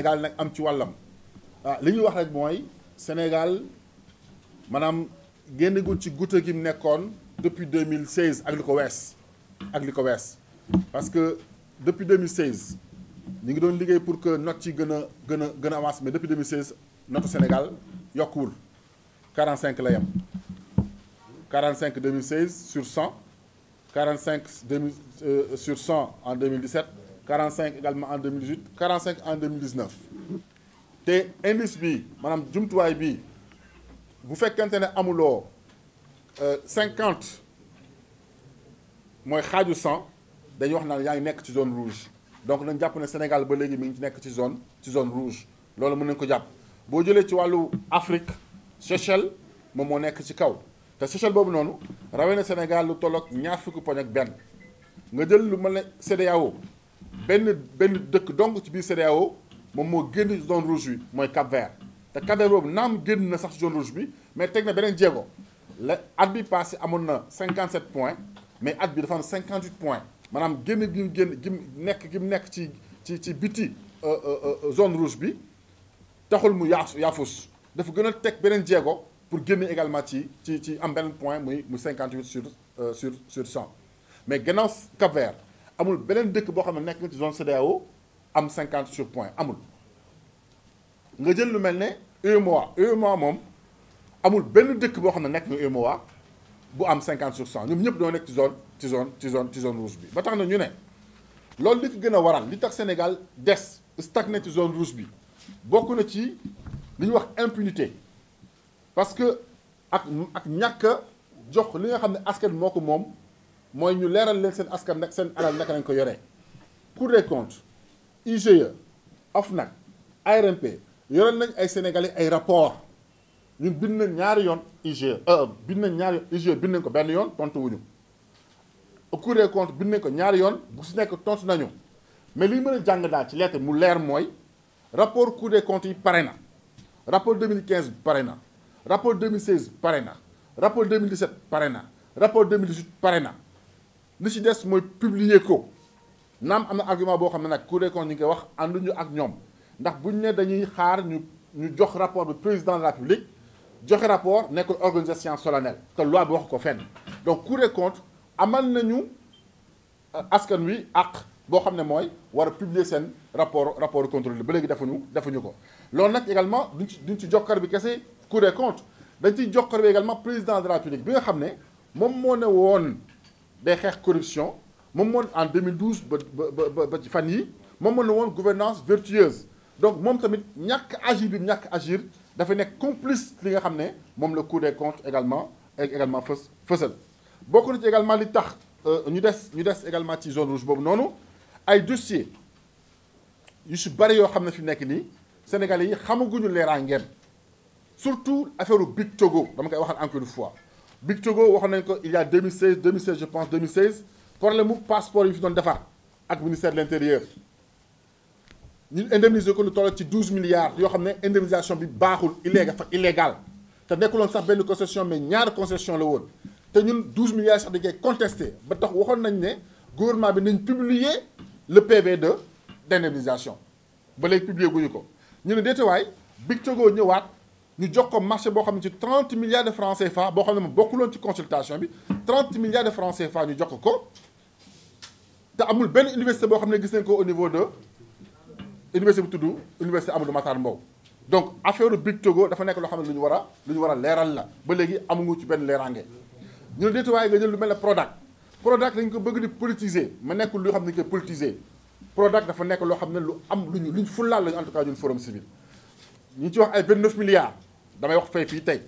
Sénégal nag am ci wàllam ah li ñuy wax rek mooy Sénégal maanaam génnagul ci guute gi mu nekkoon depuis 2016 ak li ko wees ak ko wees parce que depuis 2016 ñu ngi doon liggéey pour que note ci gën a gën a gën a avancé mais depuis 2016 notu Sénégal yokkuwul 45 cinq yem 45 2016 sur 100 45 2000 sur cent en 2017 45 également en 2018 45 en 2019 te indice bi maanaam jumtuwaay bi bu fekkente ne amuloo euh, cinquante mooy xaaju 100 dañu wax naan yaa ngi nekk ci zone rouge donc nañ jàpp ne Sénégal ba léegi mi ngi ci nekk ci zone ci zone rouge loolu mën nañ ko jàpp boo jëlee ci wàllu Afrique Seychelles moom moo nekk ci kaw te Seychelles boobu noonu rawee na Sénégal lu tolloog ñaar fukki poñ ak benn nga jël lu ma ne CEDEAO benn benn dëkk donc ci biir CEDEAO moom moo génn zone rouge bi mooy Cap Vert te Cap Vert boobu naam génn na sax zone rouge bi mais teg na beneen jéego la at bi passé amoon na 57 point mais at bi dafa am 58 point maanaam génn gi génn gi mu nekk gi mu nekk ci ci ci biti euh, euh, euh, zone rouge bi taxul mu yaaf yaafus dafa gën a teg beneen jéego pour génn également ci ci ci am benn point muy mu 58 sur sur sur 100 mais gannaaw Cap amul beneen dëkk boo xam ne nekk na ci zone CEDEAO am 50 sur point amul nga jël lu mel ne UEMOA UEMOA moom amul benn dëkk boo xam ne nekk na UEMOA bu am cinquante sur 100 ñoom ñëpp doo nekk ci zone ci zone ci zone ci zone rouge bi ba tax na ñu ne loolu li ko gën a waral li tax Sénégal des stagné ci zone rouge bi bokk na ci li ñuy wax impunité parce que ak ak ñàkk jox li nga xam ne askan moo ko moom mooy ñu leeral leen seen askan nag seen alal nag lañ ko yoree Cour des comptes IGE OFNAC ARMP yoreel nañ ay sénégalais ay rapport ñu bind nañ ñaari yoon IGE euh, euh, bind nañ ñaari yoon IGE bind nañ ko benn yoon tontu wuñu Cour des comptes bind nañ ko ñaari yoon bu si nekk tontu nañu mais li ñu mën a jàng daal ci lettre mu leer mooy rapport Cour des comptes yi pare na rapport 2015 pare na rapport 2016 pare na rapport 2017 pare na rapport 2018 pare na li ci des mooy publier ko naam am na argument boo xam ne nag Cour des comptes ñu ngi koy wax ànduñu ak ñoom ndax buñ ne dañuy xaar ñu ñu jox rapport bi président de la République joxe rapport nekkul organisation solennelle te loi bi wax ko fen donc Cour des comptes amal nañu euh, askan wi àq boo xam ne mooy war a publier seen rapport rapport contrôlé ba léegi defuñu defuñu ko loolu nag également duñ ci duñ ci jokkar bi kese Cour des comptes dañ ciy jokkar bi également président de bi nga xam ne moom moo ne woon day xeex corruption moom moon en 2012 ba ba ba ci fan yi moom moon na woon gouvernance vertueuse donc moom tamit ñàkk agir bi ñàkk agir dafa nekk complice li nga xam ne moom la Cour des comptes également également fës fësal bokk na ci également li tax euh, ñu des ñu des également ci zone rouge boobu noonu ay dossiers yu si bëri yoo xam ne fi nekk nii Sénégalais yi xamaguñu leeraangeem surtout affaire Big Togo dama koy waxal encore fois Big Togo waxoon nañ ko il y a 2016 2016 je pense 2016 problème mu passeport yi fi doon defar ak ministère de l' intérieur ñun indemniser ko lu toll ci 12 milliards yoo xam ne indemnisation bi baaxul illégal fa illégal te nekkuloon sax benn concession mais ñaar concession la woon te ñun 12 milliards sax dañ koy contesté ba tax waxoon nañ ne gouvernement bi nañ publier le PV de d' ba léegi publier guñu ko ñu ne déetawaay Big Togo ñëwaat. ñu jox ko marché boo xam ne ci 30 milliards de francs CFA boo xam ne moom bokkuloon ci consultation bi 30 milliards de francs CFA ñu jox ko te amul benn université boo xam ne gis nañ ko au niveau de université bu tudd université Amadou Mahtar Mbow. donc affaire Big Togo dafa nekk loo xam ne lu ñu war a lu ñu war a leeral la ba léegi amuñu ci benn leeraange ñu ne déetuwaay nga jël lu mel ne Prodac Prodac dañ ko bëgg di politiser ma nekkul lu xam ne dañ koy politiser Prodac dafa nekk loo xam ne lu am lu ñu lu ñu fullaal lañu en tout cas ñun forum civil ñu ci wax ay 29 milliards. damay wax fay fii tey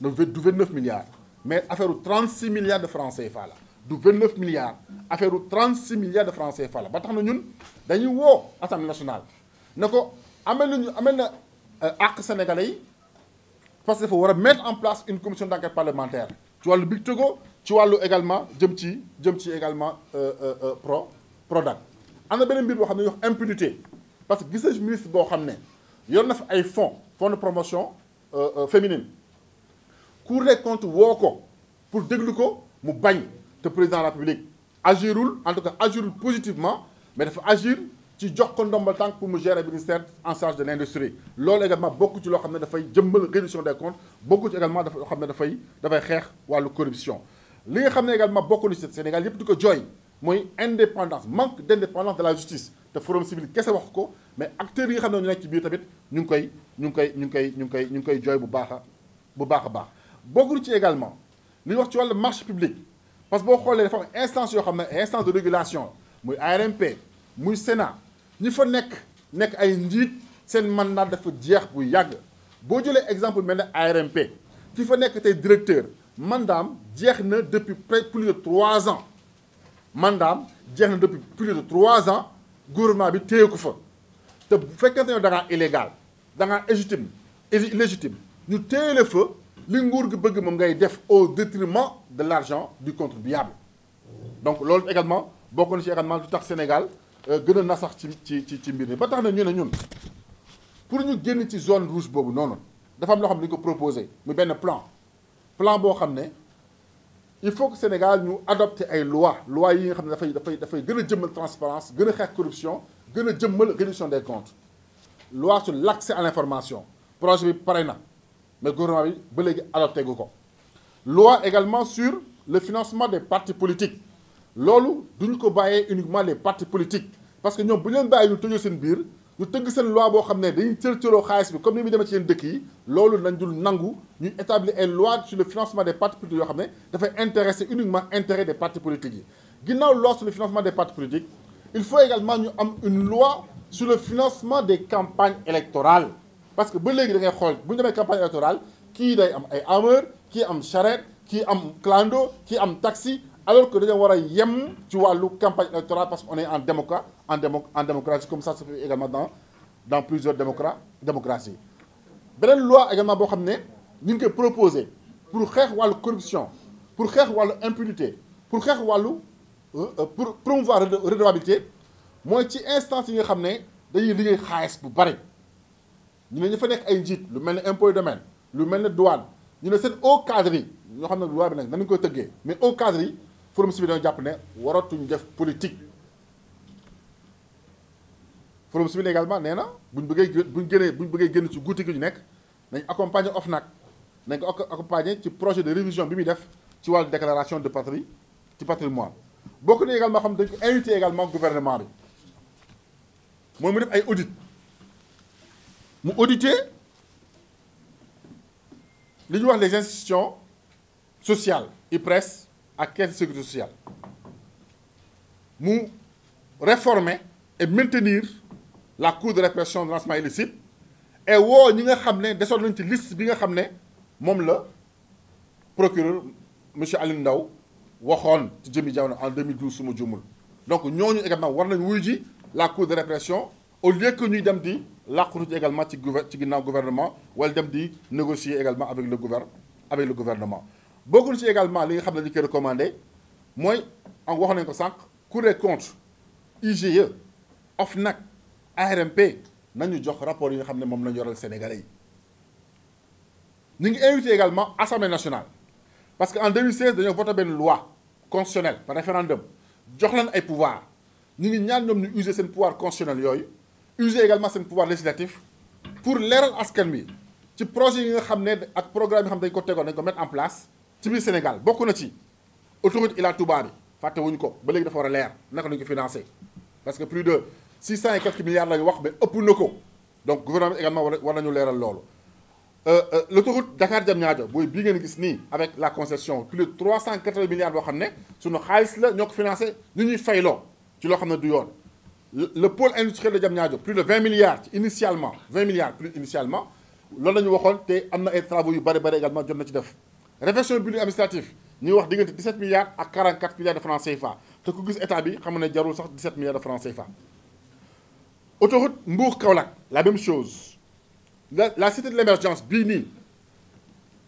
du vingt neuf milliards mais affaire u trente six milliards de francs CFA la du vingt neuf milliards affaire u trente six milliards de francs CFA la ba tax na ñun dañuy woo assemblée nationale ne ko amee na ñu amel na euh, àq sénégalais yi parce que dafa war a mettre en place une commission d'enquête parlementaire ci wàllu bi Big Togo ci wàllu également jëm ci jëm ci également euh, euh, pro Prodac am na beneen mbir boo xam ne wax impunité parce que gis ministre boo xam ne yor na fa ay fonds fonds de Euh, euh, féminine cour des comptes woo ko pour déglu ko mu bañ te président de la république agirul en tout cas agirul positivement mais dafa agir ci jox ko ndombal tànk pour mu gérer ministère en charge de l' industrie loolu également bokk ci loo xam ne dafay jëmbal réduction des comptes bokk ci également loo xam ne dafay dafay xeex wàllu corruption li nga xam ne également bokk na ci Sénégal yëpp di ko jooy mooy indépendance manque d' indépendance de la justice te forum civil kese wax ko mais acteurs yi nga xam ne ñu nekk ci biir tamit ñu ngi koy ñu ngi koy ñu ngi koy ñu ngi ñu ngi koy jooy bu baax bu baax a baax bokkul ci également li wax ci wàllu marché public parce que boo xoolee dafa am instance yoo xam ne instance de régulation muy ARMP muy Sénat ñi fa nekk nekk ay njiit seen mandat dafa jeex bu yàgg boo jëlee exemple mel na ARMP ki fa nekk tey directeur mandaam jeex na depuis près plus de trois mandaam jeex na depuis plus de trois ans gouvernement bi téye ko fa te bu fekkente ne da danga illégal da ngaa légitime illégitime ñu téye la fa li nguur gi bëgg moom ngay def au détriment de l' argent du contribuable donc loolu également bokk na ci également lu tax Sénégal euh, gën a nasax ci ci ci ci mbir mi ba tax na ñu ne ñun pour ñu génn ci zone rouge boobu noonu dafa am loo xam ne ko proposé mu benn plan plan boo xam ne. il faut que Sénégal ñu adopté ay loi loi yi nga xam ne dafay dafay dafay gën a jëmmal transparence gën a xeex corruption gën a jëmmal réduction des comptes loi sur l' accès à l' information projet bi pare na mais gouvernement bi ba léegi adopté gu ko loi également sur le financement des partis politiques loolu duñ ko bàyyee uniquement les partis politiques parce que ñoom bu ñu leen bàyyi ñu tëjoo seen biir ñu tëgg seen loi boo xam ne dañuy cërcëroo xaalis bi comme ni muy demee ci yenn dëkk yi loolu nañ dul nangu ñu établir ay loi sur le financement des partis politiques yoo xam ne dafay intéresser uniquement intérêt des partis politiques yi ginnaaw loi sur le financement des partis politiques il faut également ñu am une loi sur le financement des campagnes électorales parce que ba léegi da ngay xool bu ñu demee campagne électorale kii day am ay armeur kii am charrette kii am clando kii am taxi alors que dañoo war a yem ci wàllu campagne électorale parce que on est en démocrate en démo en démocratie comme ça se fait également dans dans plusieurs démocra beneen loi également boo xam ne ñu ngi koy proposé pour xeex wàllu corruption pour xeex wàllu impunité pour xeex wàllu euh, euh, pour promouvoir redevabilité mooy ci instance yi nga xam ne dañuy liggéey xaalis bu bari ñu ne ñu fa nekk ay njiit lu mel ne impôt domaine lu mel ne douane ñu ne seen haut cadre yi xam ne loi bi nag nañu koy tëggee mais haut cadre forum civil dañoo jàpp ne waratuñu def politique forum civil également nee na buñ bëggee buñ génnee buñ bëggee génn ci guuti gi ñu nekk nañ accompagner OFNAC nañ ko accompagner ci projet de révision bi muy def ci wàllu déclaration de patrie ci patrimoine bokk na également xam dañ ko invité également gouvernement bi moom mu def ay audit mu audité li ñuy wax les institutions sociales IPRES ak caisse de sociale mu réformer et maintenir la cour de répression de lancement illicite et woo ñi nga xam ne desoon nañ ci liste bi nga xam ne moom la procureur monsieur Alioune Ndao waxoon ci jëmi jamono en 2012 su ma jumul donc ñooñu également war nañ wuy ji la cour de répression au lieu que ñuy dem di làqatu ci également ci ci gouvernement wala dem di négocier également avec le gouver avec le gouvernement bokkul ci également li nga xam ne dañu koy recommandé mooy en wax nañ ko sànq Cour des comptes IGE OFNAC ARMP nañu jox rapport yi nga xam ne moom lañu yoral Sénégalais yi ñu ngi invité également assemblée nationale parce que en 2016 dañoo voté benn loi constitutionnelle par référendum jox leen ay pouvoir ñu ngi ñaan ñoom ñu user seen pouvoir constitutionnel yooyu user également seen pouvoir législatif pour leeral askan wi ci projet yi nga xam ne ak programme yi ne dañu ko tegoon en place ci biir Sénégal bokk na ci autoroute Ila Touba bi fàttewuñu ko ba léegi dafa war a leer naka lañu ko financé parce que plus de six cent et quelques milliards lañu wax mais ëpp na ko donc gouvernement bi également war nañu leeral loolu. Euh, euh, l'autoroute Dakar Diamniadio booy bii ngeen gis nii avec la concession plus de trois cent quatre milliards boo xam ne sunu xaalis la ñoo ko financé ñu ñuy loo ci loo xam ne du yoon. le pôle industriel de Diamniadio plus de vingt milliards initialement vingt milliards am na ay travaux yu bari bari également jot na ci def. réfection budget administratif ñu wax diggante 17 milliards ak 44 milliards de francs CFA te ku gis état bi xam ne jarul sax 17 milliards de francs CFA. autoroute Mbour Kaolack la même chose la la cité de l' émergence bii nii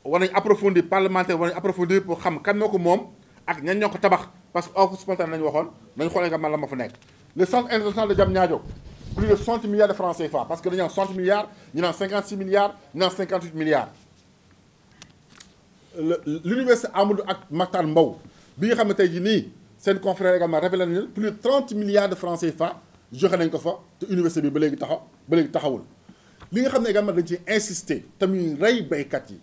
war nañ approfondir parlementaire war nañ approfondir pour xam kan moo ko moom ak ñan ñoo ko tabax parce que offre spontanée lañu waxoon nañ xoolee nga man ma fa nekk. le centre international de Diamniadio plus de 60 l'université Amadou ak Makhtar Mbow bi nga xam ne tey jii nii seen confrère également révélé nañu plus de milliards de francs CFA joxe nañ ko fa te université bi ba léegi taxaw ba léegi taxawul li nga xam ne également dañ ci insister tamit rey baykat yi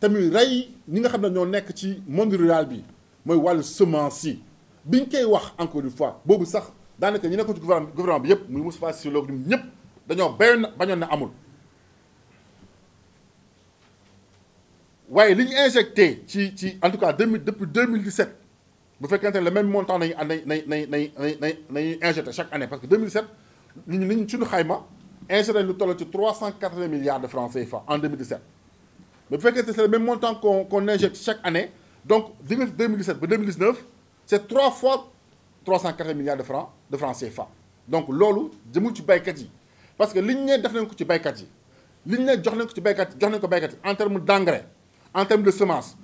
tamit rey ñi nga xam ne ñoo nekk ci monde rural bi mooy wàllu semence yi biñ koy wax encore une fois boobu sax daanaka ñu nekkoon ci gouvernement bi yëpp muy Moustapha Cissé Lo ñëpp dañoo benn na bañoon na amul waaye li ñu injecté ci ci en tout cas deux mille depuis 2017 bu fekkente ne le même montant nañu nañ nañ nañ nañ nañ nañuy injecté chaque année parce que 2017 ñu ñu suñu xayma injecté nañ lu toll ci 380 milliards de francs CFA en 2017 mais bu fekkente c'est le même montant qu'on qu'on injecte chaque année donc diggante 2017 ba 2019 c'est trois fois 380 milliards de francs de francs CFA donc loolu jëmul ci baykat yi parce que li ñu ne def nañ ko ci baykat yi li ñu ne jox nañ ko ci baykat yi jox nañ ko baykat yi en en terme de semence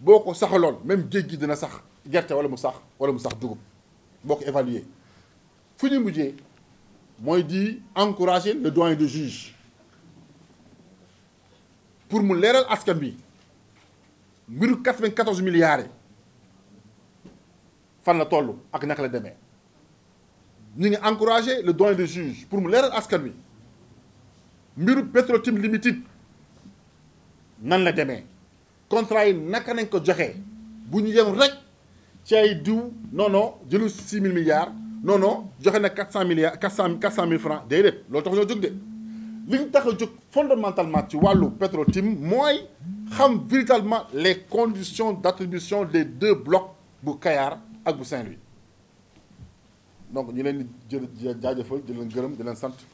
boo ko saxaloon même géej gi dina sax gerte wala mu sax wala mu sax dugub boo ko évaluer fu ñu mujjee mooy di encourager le doyen de juge pour mu leeral askan bi mbiru 94 milliards fan la toll ak naka la demee ñu ngi encourager le doyen de juge pour mu leeral askan bi mbiru Petrotim Limited nan la demee. contrat yi naka nañ ko joxe bu ñu yem rek ci ay diw noonoo non jëlu six mille milliards non non joxe na quatre cent milliards quatre cent quatre cent mille francs déedéet loo tax ñoo jóg de li ñu tax a jóg fondamentalement ci wàllu Petro-Tim mooy xam véritablement les conditions d'attribution des deux blocs bu Kayar ak bu Saint-Louis donc ñu leen di jë jaajëfal di leen gërëm di sant.